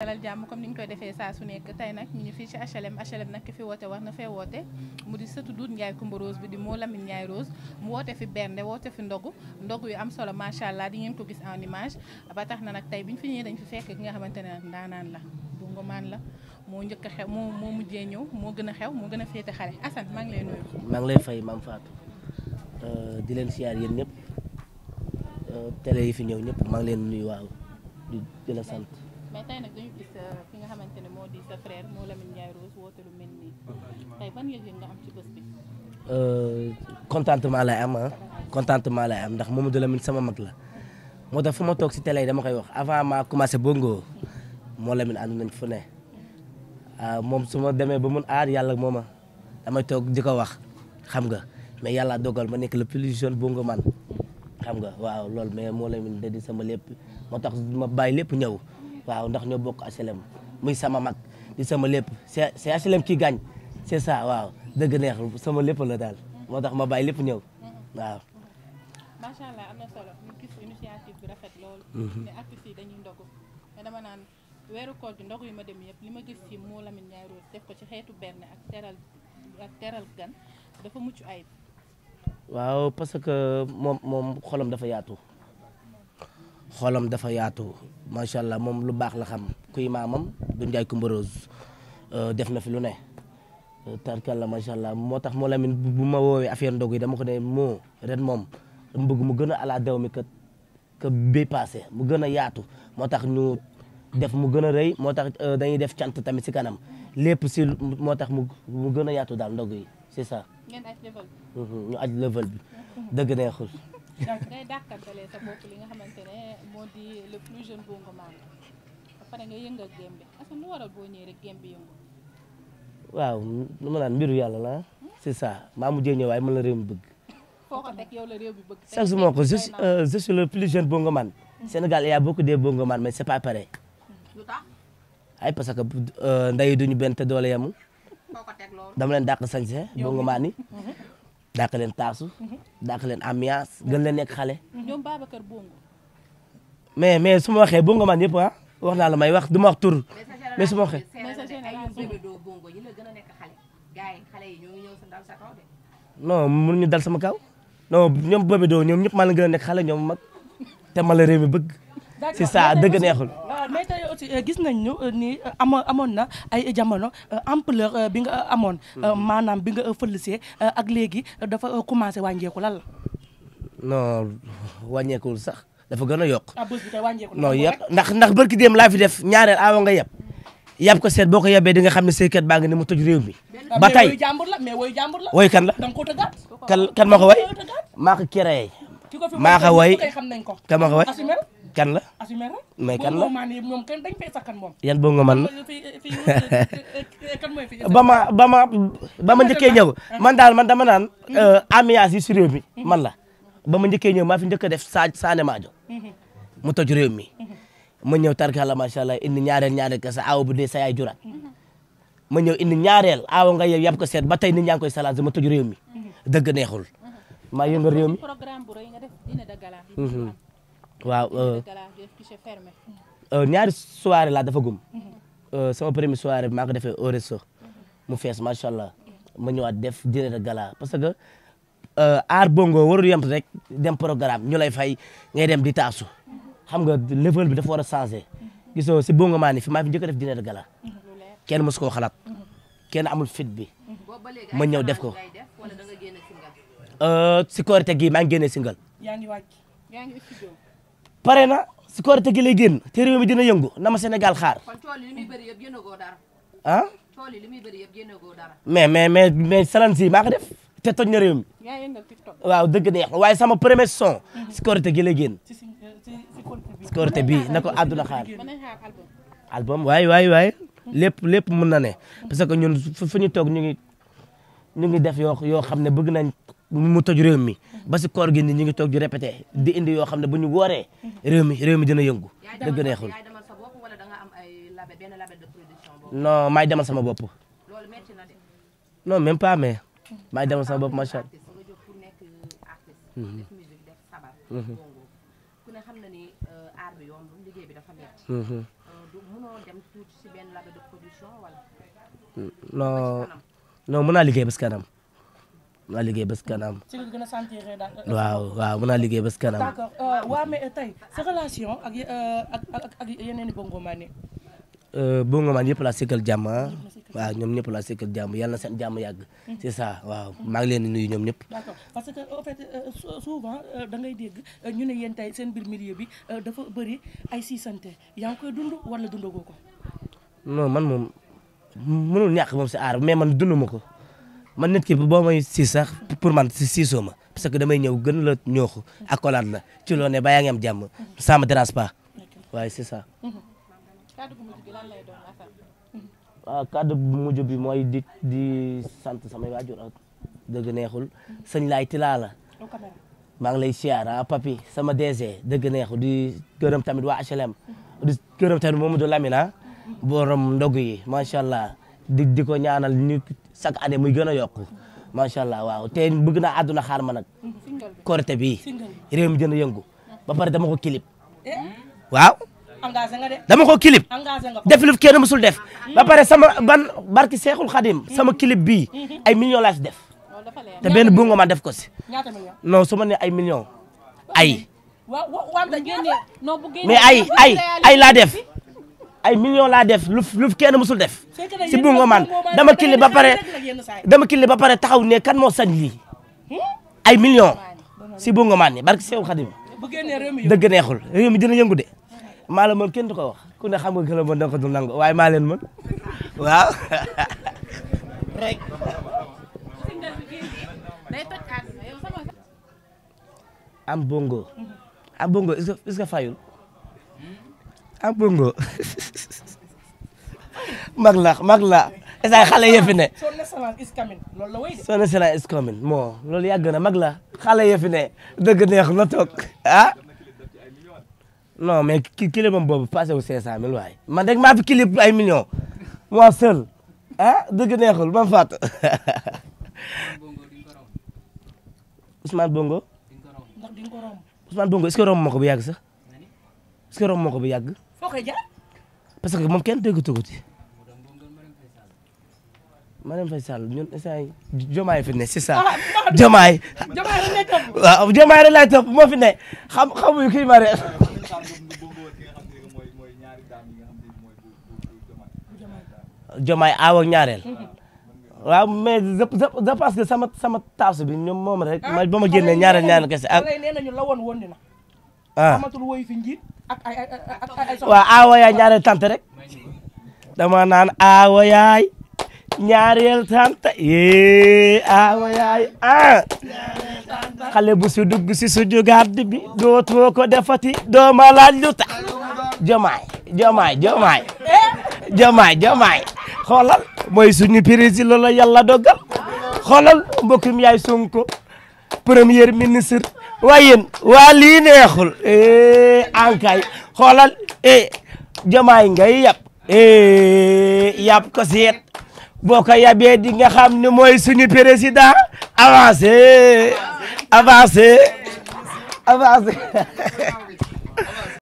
dalal jàmm comme ni ñu koy defee saa su nekk tey nag ñu ngi fii ci HLM HLM nag ki fi woote war na fee woote mu di sëtu Doudou Ndiaye Coumba Rose bi di moo Lamine Ndiaye Rose mu woote fi bernde woote fi ndogu ndogu yu am solo macha allah di ngeen ko gis en image ba tax na nag tey bi fi ñëwee dañ fi fekk nga xamante ne nag ndaanaan la bungo maan la moo njëkk xew moo moo mujjee ñëw moo gën a xew moo gën a féete xale Assane maa ngi lay nuyu. maa ngi lay fay maam Fatou euh, di leen siyaar yéen ñëpp euh, télé yi fi ñëw ñëpp maa leen nuyu waaw di la sant mais tey euh, moo di sa euh, lay am ah contentement lay am ndax Mamadou Lamine sama mag la moo tax fu ma toog si tele yi dama koy wax avant maa commencé bongo moo Lamine ànd nañ fu ne ah, moom su ma demee ba mun aar yàlla moo ma damay toog di ko wax xam nga mais yàlla dogal ma nekk le plus jeune bongo man xam nga waaw loolu mais moo min da di sama lépp moo tax ma bàyyi lépp ñëw. waaw ndax ñoo bokk HLM muy sama mag di sama lépp c'est c'est HLM kii gaañ c'est ça waaw dëgg neex sama lépp la daal moo tax ma bàyyi lépp ñëw waaw. macha allah am na solo ñu gis initiative bi rafet lool. Mhm. ne artistes yi dañuy ndogu mais dama naan weeru koor gi ndogu yi ma dem yëpp li ma gis ci moo Lamine Ndiaye Rose def ci xeetu benn ak teral gan dafa mucc ayib. waaw parce que moom moom xolam dafa yaatu. xoolam dafa yaatu macha allah moom lu baax la xam kuy maamam du Ndiaye Coumba Rose euh, def na fi lu ne euh, tarkal la macha allah moo tax moo lamin bu ma woowee affaire ndog yi dama ko ne moo ren moom mbëgg mu gën a ala dew mi que que bi mu gën a yaatu moo tax nu def mu gën a rëy moo tax euh, dañuy def cant tamit si kanam lépp si moo tax mu mu gën a yaatu daal ndog yi c'est ça. bi dëgg donc ngay dàkkantale sa bopp li nga xamante ne moo di le plus jeune bongo nga yëngal gém bi mbiru yàlla la c'est ça maa mujjee ñëw waaye man la réew mi bëgg foo su ma ko euh, je suis le plus jeune bongo man Sénégal il y a beaucoup de bongo man mais c'est pas pareil ay parce euh, nday duñu benn te doole yamu dama leen dàq sañse bongo man yi dàq leen taasu. dàq leen ambiance gën leen nekk xale. ñoom Babacar Bongo. mais mais su ma waxee bongo man yëpp ah wax naa la may wax du ma wax tur. mais su ma waxee. non mënuñu dal sama kaw. non ñoom bébé doo ñoom ñëpp maa la gën a nekk xale ñoom mag te mal la réew mi bëgg. c'est dëgg neexul. aussi euh, gis nañu euh, ni euh, amoon amoon na ay jamono ampleur bi nga amoon. Mm-hmm. maanaam bi nga fëllisee ak léegi dafa commencé wàññeeku lan la. non wàññeekuwul sax dafa gën a yokk. ah bés bi kay wàññeeku non ndax ndax barki dem laa fi def ñaareel aawa nga yeb. yab ko seet boo ko yebee di nga xam ne saykat baa ngi ni mu toj réew mi. ba tey woy kan la. kan kan maa ko way maa ko créé. maa ko way kan maa ko way. kan la. assumé rek kan la boobu man ñoom kenn yan boobu nga man la ba ma ba ma ba ma njëkkee ñëw. man daal man dama naan. Mhm. Euh, ambiance yi si réew mi mhm. man la. ba ma njëkkee ñëw ma fi njëkk a def saa Sané Madio. Mhm. mu toj réew mi. ma ñëw tarkala macha allah indi ñaareel ñaareel ka sa aaw bu dee sa yaay juraat. ma ñëw indi ñaareel aaw nga yow yab ko seet ba tey nit ñaa ngi koy salage ma toj réew mi. dëgg neexul. maa yëngal réew mi waaw euh, euh, ñaari soirée laa dafa gum euh, sama premier soirée bi maa ko defee au resto mu fees macha allah ma ñëwaat def dîner de gala parce que aar bongo warul yem rek dem programme ñu lay fay ngay dem di taasu xam nga level bi dafa war a gisoo si bongo maa fi maa fi def dîner de gala kenn mos koo xalaat kenn amul fit bi ma ñëw def ko si korite gi maa ngi génne single yaa pare na su korite gi lay génn te réew mi dina yëngu na ma Sénégal xaar. kon tool yi li muy ah? mais mais mais mais salan si maa def te toj na réew mi. waaw dëgg neex waaye sama premier son. Mhm. su korite gi lay génn. si si si korite bii na ko àdduna xaar. album waaye waaye waay. Mhm. lépp lépp mën na ne mhm. parce que ñun fu ñu toog ñu ngi ñu ngi def yoo yoo xam ne bëgg nañ mu toj réew mi. ba si koor gi ni ñu ngi toog di répété di indi yoo xam ne bu ñu wooree réew mi réew mi dina yëngu dëgg neexul non maay sama bopp non même pas mais maay sama bopp macha allah euh, mhm. mhm. ku ne xam euh, liggéey bi dafa mën mhm. euh, naa liggéey bés mën naa liggéey bés kanam. waaw waaw mën naa liggéey bés kanam. d'accord euh, waa mais euh, tey sa relation euh, ak ak yeneen i bongo maa ne. bongo maa ñëpp laa ah. sekkal jàmm waaw ñoom ñëpp laa sekkal jàmm yàlla na seen jàmm yàgg. Mm-hmm. c'est ça waaw maa leen di nuyu ñoom ñëpp. d'accord parce que en fait ñu ne yéen seen biir milieu bi dafa bëri ay siisante yaa ngi koy dund wala dundagoo ko. non man moom mënul ñàkk moom si aar mais man dund ma ko. man nit ki boo may siis sax pour man si siisoo ma parce que damay ñëw gën la ñooxu accolade la ci loo ne ba yaa ngi am jàmm ça me pa waaye sisa ça. waaw kàddu ah, bi mooy di di sant samay waajur ak neexul sëñ laay tilaa la maa ngi lay siyaar ah, papi sama DG dëgg neexul di gërëm tamit wa HLM di gërëm tamit Mamadou Lamina ah, borom ndog yi macha allah. di di ko ñaanal nit chaque année muy gën a yokk macha allah waaw te bëgg naa àdduna xaar ma nag korite bii réew mi yëngu ba pare dama ko clip waaw dama ko clip def lu musul def ba pare sama ban barki Seexul Xadim sama clip bii ay millions laa def te benn bu nga ma def ko si non su ma ne ay millions ay mais ay ay ay laa def ay million laa def lu lu kenn musul def si bungo man dama killi ba pare dama killi ba pare taxaw ne kan moo sañ lii hmm? ay millions si bungo man ni barke Seex Xadim dëgg neexul réew mi dina yëngu de maa la kenn du ko wax ku ne xam nga gëla mën danga ko dul waaye maa leen mën am bongo hmm. am fayul ah mag la mag la est-ce que xale yëfi is coming moo loolu yàgg na mag la xale yëfi ne dëgg neex na toog ah. non mais ki clip am boobu passé wu 500000 waaye man rek maa fi clip ay millions moi ah dëgg neexul ba mu fàtt Ousmane Bongo Ousmane Bongo est-ce que bu yàgg sax est-ce bu yàgg. moo que moom kenn déggatu ko ci. Marème Faye Sall jomaay fi ne c'est ça jomaay. Ah, jomaay lay topp moo fi ne xam xamuñu kii Marème. jomaay aaw ak ñaareel. waaw mais je sama sama taas bi ñoom moom rek. Ah, ma ba ma génnee ñaareel ñaareel kese ak. Ah. nee waaw aawa yaay ñaareel tante rek dama naan aawa yaay ñaareel tante yee aawa yaay ah xale bu si si suñu gàdd bi dootoo ko defati doo ma laaj lu tax jomaay jomaay jomaay jomaay jomaay xoolal mooy suñu président la yàlla dogal xoolal mbokkum yaay Sonko premier ministre waaye yéen waa lii neexul eh, ankay ah, xoolal eh, jamaay ngay yab eh, yab ko seet boo ko yabee di nga xam ne mooy suñu président avancé avancé avancé